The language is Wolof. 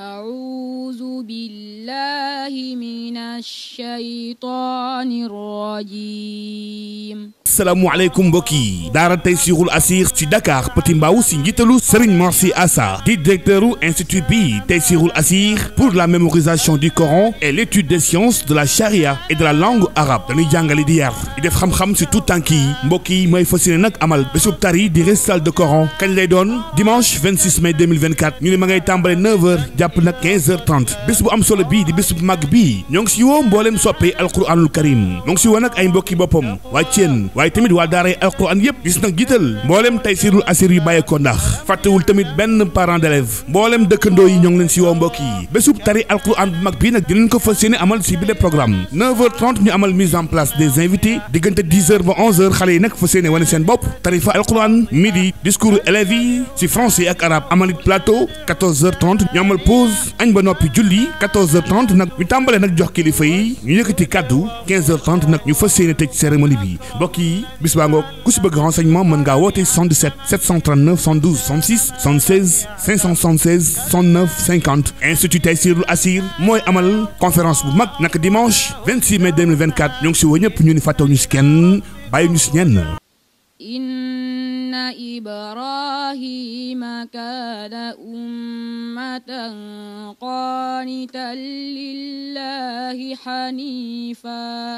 أعوذ بالله الله من الشيطان الرجيم salaamaaleykum mbokk yi daara Taysiroul Assir ci Dakar Petit Mbao si njiitalu Serigne Mor Sy Assa di directeur u institut bi Taysiroul Assir pour la mémorisation du Coran e l'étude des sciences de la charia et de la langue arabe dañuy jàngale di yar def xam-xam si tout tànk yi mbokk yi mooy fas yéene nag amal bésub tari di récital de Coran kañ lay doon dimanche 26 mai 2024 ñu ne ma ngay tàmbale 9h jàpp nag 15h30 bés bu am solo bii di bés mag ñoo ngi si woo mbooleem soppe alquranul karim ñoo ngi si woo nag ay mbokki boppam waa Thiène waaye tamit waa daaray alquran yëpp gis nag jiital mbooleem tay sirul asir yu bàyyeekoo ndax fàttewul tamit benn parent d'élève mboolem dëkkandoo yi ñoo ngi leen si woo mbokk yi bésub tari alquran bu mag bii nag dinañ ko fas amal si bile programme 9 h ñu amal mise en place des invités diggante 10 ba 11 xale yi nag fas wane seen bopp tarifa alquran midi discours élèves yi si français ak arabe amalit plateau ñu amal pause añ ba noppi julli nag ñu tàmbale nag jox kilifa yi ñu yëkkati kàddu nag ñu fas yéene 236 76 576 69 50 institut Taysirul Assir mooy amal conférence bu mag naka dimanche 26 mai 2024 ñoo ngi si woo ñëpp ñu si kenn bàyyi ñu ñenn inna ibrahima kaana ummatan qaanitan lillahi hanifa